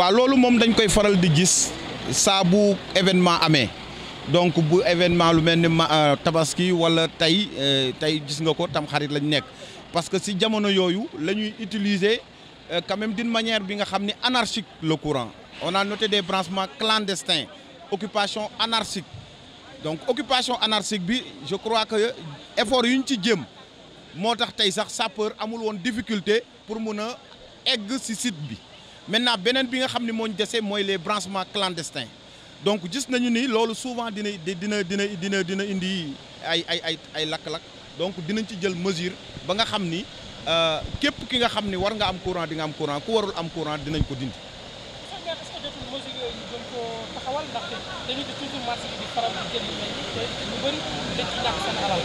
waa loolu moom dañ koy faral di gis saa bu événement amee donc bu événement lu mel ni ma euh, tabaski wala tey euh, tey gis nga ko tam xarit lañ nekk parce que si jamono yooyu la ñuy utiliser euh, quand même d'une manière bi nga xam ni anarchique le courant on a noté des branchements clandestins occupation anarchique donc occupation anarchique bi je crois que effort yu ñu ci jëm moo tax tey sax sapeur amul woon difficulté pour mun a egg si site bi maintenant beneen bi nga xam ne moo ñu dese mooy les branchements clandestins donc gis nañu ni loolu souvent dina dina dina dina dina indi ay ay ay ay lakk-lakk donc dinañ ci jël mesure ba nga xam ni euh, képp ki nga xam ni war nga am courant di nga am courant ku warul am courant dinañ ko dindi.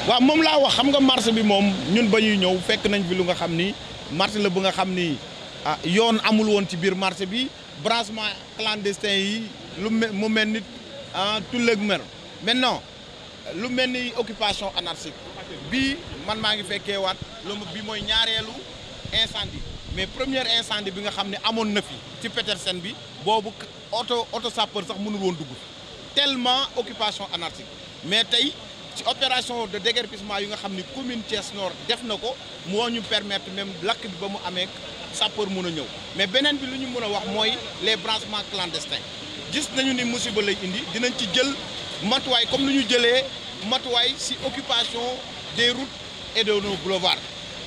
waaw moom laa wax xam nga marché bi moom ñun ba ñuy ñëw fekk nañ bi lu nga xam ni marché la bu nga xam ni. ah yoon amul woon ci biir marché bi branchement clandestin yi lu mel mu mel ni ah tulleeg mer maintenant lu mel ni occupation anarchique bii man maa ngi fekkee waat lu bi mooy ñaareelu incendie mais première incendie bi nga xam ne amoon na fi ci Petersen bi boobu oto oto sapeur sax mënul woon dugg tellement occupation anarchique mais tey ci opération de déguerpissement yi nga xam ni commune Thiès Nord def na ko moo ñu permettre même lakk bi ba mu ameek sapeur mun a ñëw mais beneen bi lu ñu mun a wax mooy les branchements clandestins gis nañu ni musiba lay indi dinañ ci jël matuwaay comme lu ñu jëlee matuwaay si occupation des routes et de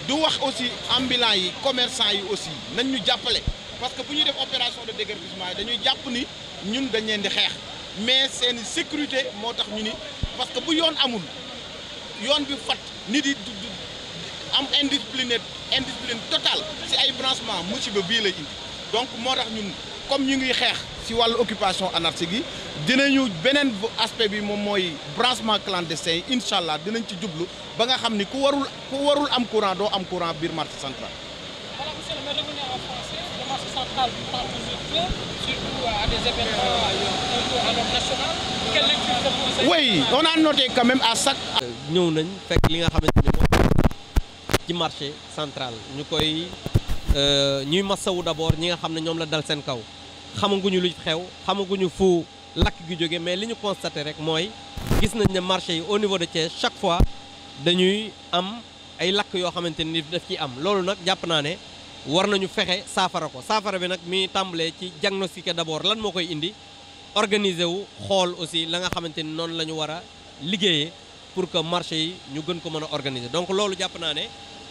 du wax aussi ambulants yi commerçants yi aussi nañ ñu jàppale parce que bu ñu def opération de déguerpissement yi dañuy jàpp ni ñun dañ leen di xeex mais seeni sécurité moo tax ñu ni parce que bu yoon amul yoon bi fat nit yi am indiscipline indiscipline totale ay branchement musiba bii lay indi donc moo tax ñun comme ñu ngiy xeex si wàllu occupation anarchique yi dinañu beneen aspect bi moom mooy branchement clandestin yi incha allah dinañ ci jublu ba nga xam ni ku warul ku warul am courant doo am courant biir marché central. voilà monsieur le maire revenez à des chaque. ñëw nañ fekk li nga xamante ni. ci marché central ñu koy euh, ñuy massawu d'abord ñi nga xam ne ñoom la dal seen kaw xamanguñu lu xew xamaguñu fu lakk gi jóge mais li ñu constaté rek mooy gis nañ ne marché yi au niveau de Thiès chaque fois dañuy am ay lakk yoo xamante ni daf ciy am loolu nag jàpp naa ne war nañu fexe saafara ko saafara bi nag mi tàmbalee ci diagnostiquer d'abord lan moo koy indi organiser wu xool aussi la nga xamante ni noonu la ñu war a liggéeyee pour que marché yi ñu gën ko mën a organiser donc loolu jàpp naa ne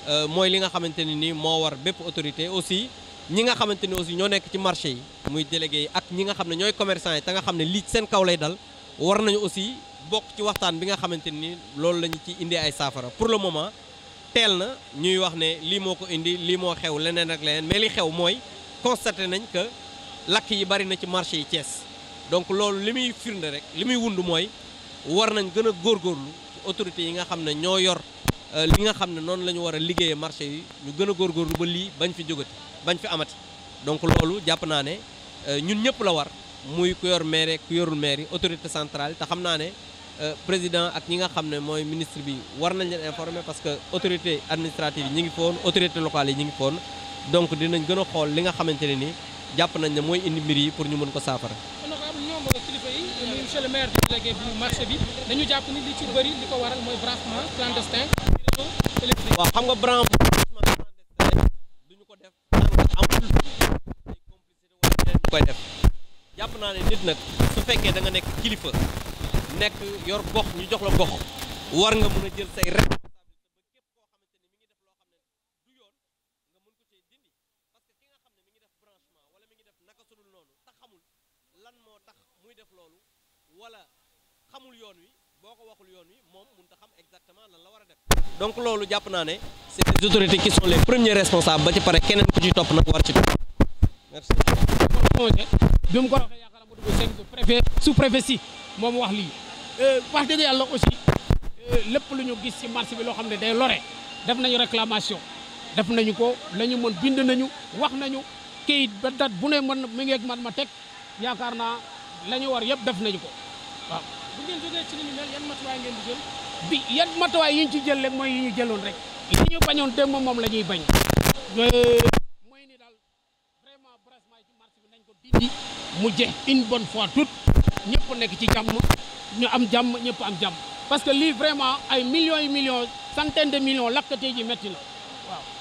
Euh, mooy li nga xamante ni nii moo war bépp autorité aussi ñi nga xamante ni aussi ñoo nekk ci marché yi muy délégué yi ak ñi nga xam ne ñooy commerçant yi te nga xam ne lii seen kaw lay dal war nañu aussi bokk ci waxtaan bi nga xamante ni loolu lañu ci indi ay saafara pour le moment teel na ñuy wax ne lii moo ko indi lii moo xew leneen ak leneen mais li xew mooy constaté nañ que lakk yi bari na ci marché yi cees donc loolu li muy firnde rek li muy wund mooy war nañ gën a góorgóorlu autorités yi nga xam ne ñoo yor Euh, li nga xam ne noonu la ñu war a liggéeyee marché yi ñu gën a lu ba lii bañ fi jógati bañ fi amati donc loolu jàpp naa ne euh, ñun ñëpp la war muy ku yor maire ku yorul maire yi autorité centrale te xam naa ne euh, président ak ñi nga xam ne mooy ministre bi war nañ leen informer parce que autorité administrative yi ñu ngi foon autorité locale yi ñu ngi foon donc dinañ gën a xool li nga xamante ne ni jàpp nañ ne mooy indi mbir yi pour ñu mën ko saafara. marché bi dañu jàpp waaw xam nga branc duñu ko def amul ay complicité wala leneen ñu koy def jàpp naa ne nit nag su fekkee da nga nekk kilifa nekk yor gox ñu jox la gox war nga mën a jël say rek xamul yoon wi boo ko waxul yoon wi moom mënut a xam exactement lan la war a def. donc loolu jàpp naa ne c'est les autorités qui sont les premiers responsables ba ci pare keneen ku ci topp nag war ci topp merci. bi mu ko waxee yaakaar naa mu dugg seen préfet sous préfet si moom wax lii euh, wax dëgg yàlla aussi euh, lépp lu ñu gis ci marché bi loo xam ne day lore def nañu réclamation def nañu ko la ñu mën bind nañu wax nañu kayit ba date bu ne mën mi ngeeg man ma teg yaakaar naa la ñu war yëpp def nañu ko waaw. bu ngeen jógee ci li ñu mel yan matuwaay di jël. bi yan matuwaay yi ñu ci jël rek mooy yi ñu jëloon rek. li bañoon démb moom la ñuy bañ. Euh, mooy ni daal vraiment brasement ci marché bi nañ ko dindi. mu jeex une bonne fois toute ñëpp nekk ci jàmm ñu am jàmm ñëpp am jàmm parce que lii vraiment ay millions yi millions centaines de millions lakkatee ji métti na waaw.